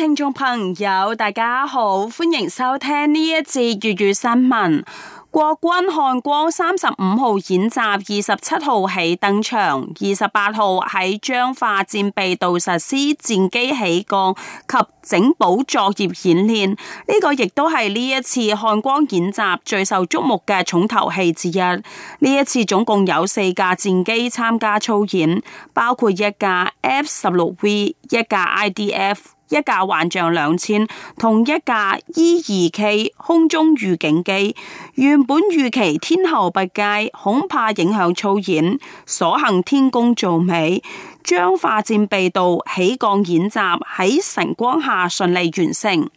聽眾朋友，大家好，歡迎收聽呢一節粵語新聞。國軍漢光三十五號演習，二十七號起登場，二十八號喺彰化戰備道實施戰機起降及整補作業演練。呢個亦都係呢一次漢光演習最受矚目嘅重頭戲之一。呢一次總共有四架戰機參加操演，包括一架 F 十六 V，一架 IDF。一架幻象兩千同一架 E2K 空中預警機，原本預期天候不佳，恐怕影響操演，所幸天公造美，彰化戰備道起降演習喺晨光下順利完成。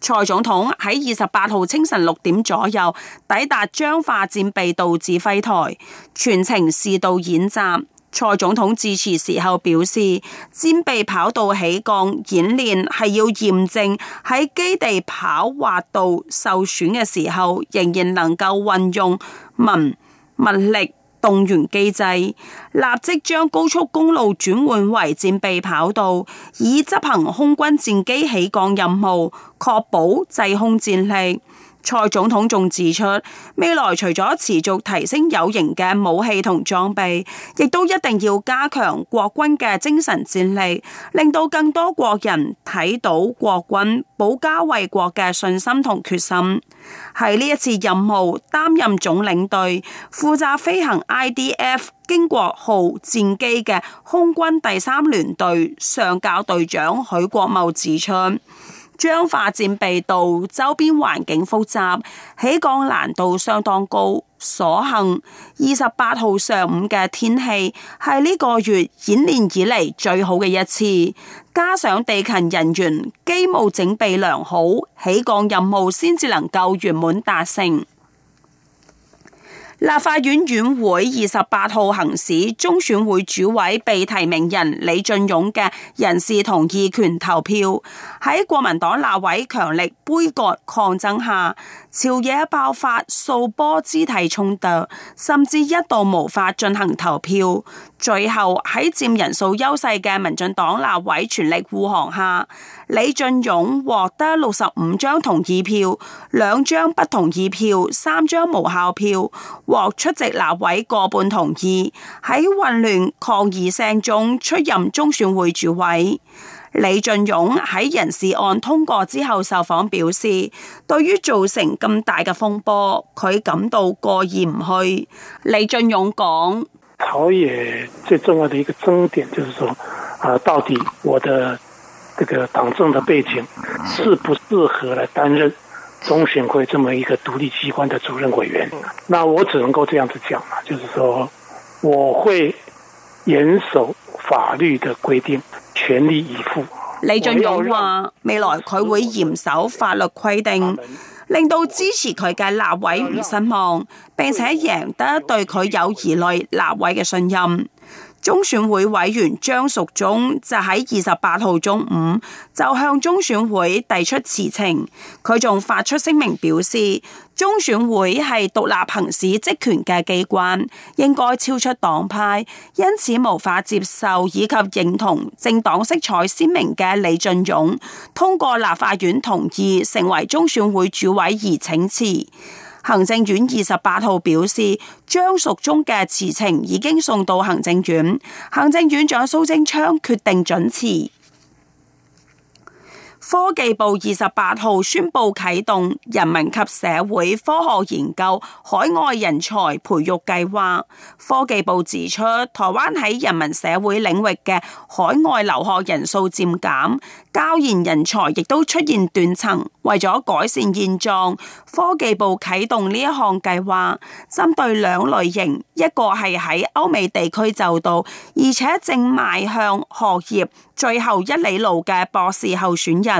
蔡總統喺二十八號清晨六點左右抵達彰化戰備道指揮台，全程視導演習。蔡總統致辭時候表示，戰備跑道起降演練係要驗證喺基地跑滑道受損嘅時候，仍然能夠運用民物力動員機制，立即將高速公路轉換為戰備跑道，以執行空軍戰機起降任務，確保制空戰力。蔡總統仲指出，未來除咗持續提升有形嘅武器同裝備，亦都一定要加強國軍嘅精神戰力，令到更多國人睇到國軍保家衛國嘅信心同決心。喺呢一次任務，擔任總領隊、負責飛行 IDF 經國號戰機嘅空軍第三聯隊上校隊長許國茂指出。彰化戰備道周邊環境複雜，起降難度相當高。所幸二十八號上午嘅天氣係呢個月演練以嚟最好嘅一次，加上地勤人員機務整備良好，起降任務先至能夠圓滿達成。立法院院會二十八號行使中選會主委被提名人李進勇嘅人事同意權投票，喺國民黨立委強力杯葛抗爭下，朝野爆發數波肢體衝突，甚至一度無法進行投票。最後喺佔人數優勢嘅民進黨立委全力護航下，李進勇獲得六十五張同意票，兩張不同意票，三張無效票，獲出席立委過半同意。喺混亂抗議聲中出任中選會主委。李進勇喺人事案通過之後受訪表示，對於造成咁大嘅風波，佢感到過意唔去。李進勇講。朝野最重要的一個爭點就是說，啊，到底我的這個黨政的背景適不適合來擔任中選會這麼一個獨立機關的主任委員？那我只能夠這樣子講嘛，就是說我會嚴守法律的規定，全力以赴。李進勇話：未來佢會嚴守法律規定。令到支持佢嘅立委唔失望，並且贏得對佢有疑慮立委嘅信任。中選會委員張淑中就喺二十八號中午就向中選會提出辭呈，佢仲發出聲明表示，中選會係獨立行使職權嘅機關，應該超出黨派，因此無法接受以及認同政黨色彩鮮明嘅李進勇通過立法院同意成為中選會主委而請辭。行政院二十八號表示，張淑中嘅辭呈已經送到行政院，行政院長蘇貞昌決定准辭。科技部二十八號宣佈啟動人文及社會科學研究海外人才培育計劃。科技部指出，台灣喺人文社會領域嘅海外留學人數漸減，教研人才亦都出現斷層。為咗改善現狀，科技部啟動呢一項計劃，針對兩類型：一個係喺歐美地區就讀，而且正邁向學業最後一里路嘅博士候選人。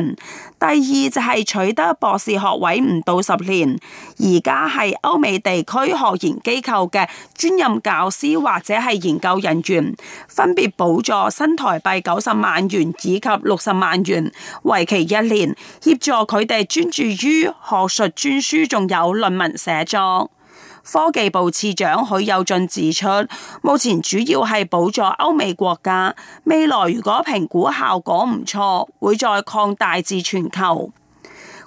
第二就係取得博士學位唔到十年，而家係歐美地區學研機構嘅專任教師或者係研究人員，分別補助新台幣九十萬元以及六十萬元，為期一年，協助佢哋專注於學術專書仲有論文寫作。科技部次長許有進指出，目前主要係補助歐美國家，未來如果評估效果唔錯，會再擴大至全球。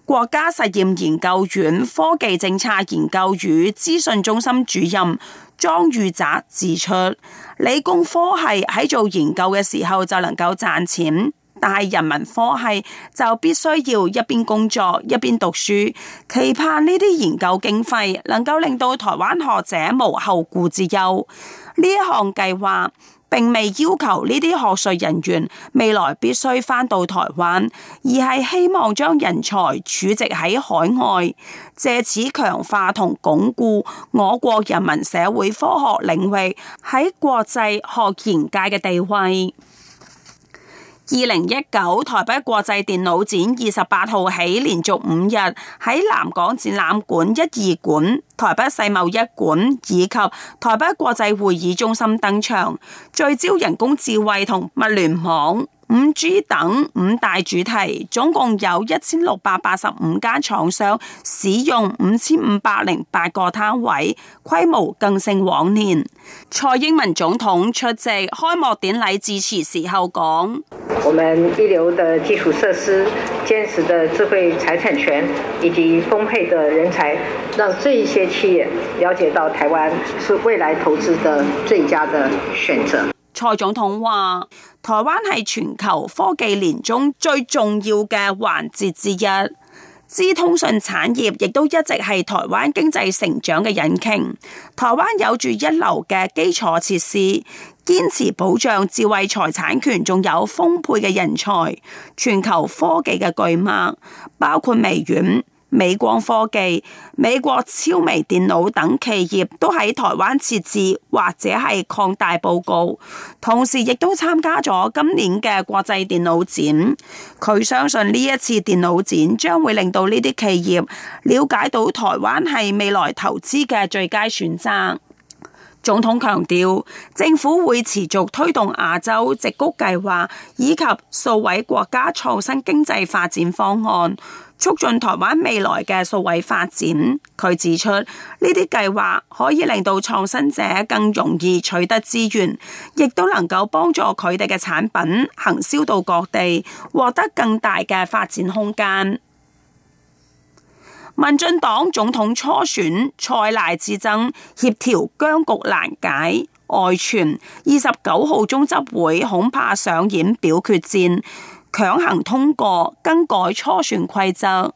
國家實驗研究院科技政策研究與資訊中心主任莊裕澤指出，理工科系喺做研究嘅時候就能夠賺錢。但係人文科系就必須要一邊工作一邊讀書，期盼呢啲研究經費能夠令到台灣學者無後顧之憂。呢一項計劃並未要求呢啲學術人員未來必須返到台灣，而係希望將人才儲值喺海外，借此強化同鞏固我國人文社會科學領域喺國際學研界嘅地位。二零一九台北國際電腦展二十八號起連續五日喺南港展覽館一二館、台北世貿一館以及台北國際會議中心登場，聚焦人工智慧同物聯網。五 G 等五大主題，總共有一千六百八十五間廠商使用五千五百零八個攤位，規模更勝往年。蔡英文總統出席開幕典禮致辭時候講，我們一流的基礎設施、堅實的智慧財產權以及豐沛的人才，讓這一些企業了解到台灣是未來投資的最佳的選擇。蔡總統話：台灣係全球科技鏈中最重要嘅環節之一，資通訊產業亦都一直係台灣經濟成長嘅引擎。台灣有住一流嘅基礎設施，堅持保障智慧財產權，仲有豐沛嘅人才，全球科技嘅巨擘，包括微軟。美光科技、美國超微電腦等企業都喺台灣設置或者係擴大佈局，同時亦都參加咗今年嘅國際電腦展。佢相信呢一次電腦展將會令到呢啲企業了解到台灣係未來投資嘅最佳選擇。總統強調，政府會持續推動亞洲矽谷計劃以及數位國家創新經濟發展方案，促進台灣未來嘅數位發展。佢指出，呢啲計劃可以令到創新者更容易取得資源，亦都能夠幫助佢哋嘅產品行銷到各地，獲得更大嘅發展空間。民進黨總統初選蔡賴之爭協調僵局難解，外傳二十九號中執會恐怕上演表決戰，強行通過更改初選規則。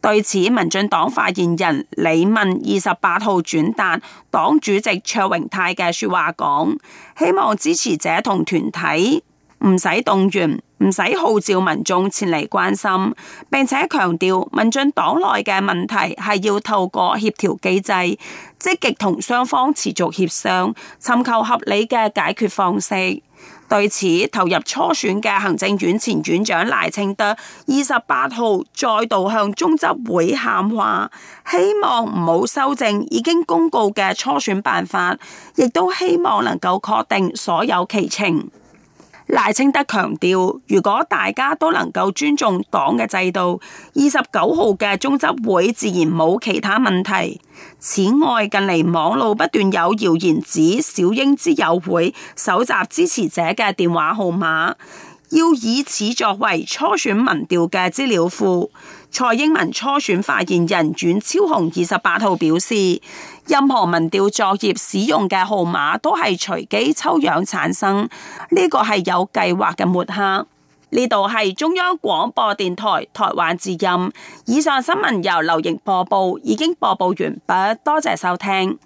對此，民進黨發言人李問二十八號轉達黨主席卓榮泰嘅說話，講希望支持者同團體唔使動員。唔使號召民眾前嚟關心，並且強調民進黨內嘅問題係要透過協調機制，積極同雙方持續協商，尋求合理嘅解決方式。對此，投入初選嘅行政院前院長賴清德二十八號再度向中執會喊話，希望唔好修正已經公告嘅初選辦法，亦都希望能夠確定所有期程。賴清德強調，如果大家都能夠尊重黨嘅制度，二十九號嘅中執會自然冇其他問題。此外，近嚟網路不斷有謠言指小英之友會蒐集支持者嘅電話號碼，要以此作為初選民調嘅資料庫。蔡英文初選發言人阮昭雄二十八號表示，任何民調作業使用嘅號碼都係隨機抽樣產生，呢個係有計劃嘅抹黑。呢度係中央廣播電台台灣之音，以上新聞由劉瑩播報，已經播報完畢，多謝收聽。